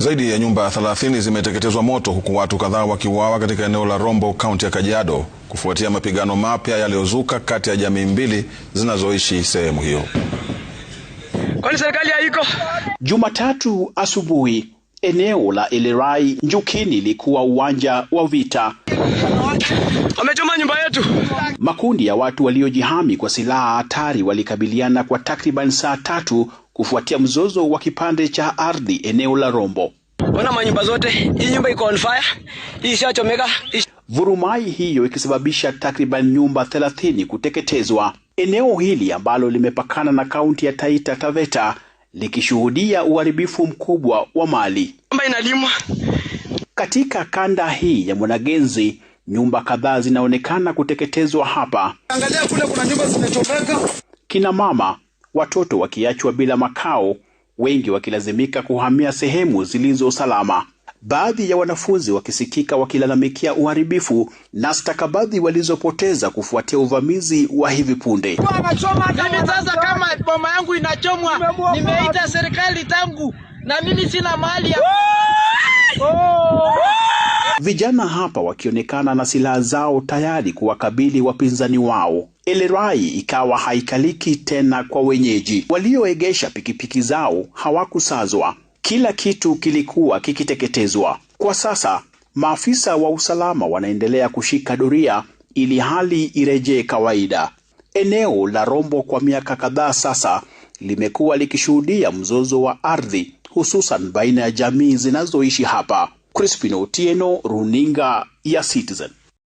Zaidi ya nyumba 30 zimeteketezwa moto huku watu kadhaa wakiuawa katika eneo la Rombo, kaunti ya Kajiado, kufuatia mapigano mapya yaliyozuka kati ya jamii mbili zinazoishi sehemu hiyo. Kwani serikali haiko? Jumatatu asubuhi, eneo la Elerai Njukini likuwa uwanja wa vita. Wamechoma nyumba yetu. Makundi ya watu waliojihami kwa silaha hatari walikabiliana kwa takriban saa tatu kufuatia mzozo wa kipande cha ardhi eneo la Rombo. Ona manyumba zote, hii nyumba iko on fire, hii ishachomeka. Vurumai hiyo ikisababisha takriban nyumba 30 kuteketezwa. Eneo hili ambalo limepakana na kaunti ya Taita Taveta likishuhudia uharibifu mkubwa wa mali. Inalimwa. Katika kanda hii ya Mwanagenzi, nyumba kadhaa zinaonekana kuteketezwa hapa. Angalia kule kuna nyumba zimechomeka. Kina mama watoto wakiachwa bila makao, wengi wakilazimika kuhamia sehemu zilizo salama, baadhi ya wanafunzi wakisikika wakilalamikia uharibifu na stakabadhi walizopoteza kufuatia uvamizi wa hivi punde. Yaani sasa kama boma yangu inachomwa, nimeita serikali tangu na mimi sina ya Vijana hapa wakionekana na silaha zao tayari kuwakabili wapinzani wao. Elerai ikawa haikaliki tena kwa wenyeji. Walioegesha pikipiki zao hawakusazwa, kila kitu kilikuwa kikiteketezwa. Kwa sasa maafisa wa usalama wanaendelea kushika doria ili hali irejee kawaida. Eneo la Rombo kwa miaka kadhaa sasa limekuwa likishuhudia mzozo wa ardhi, hususan baina ya jamii zinazoishi hapa. Crispino Otieno, runinga ya Citizen.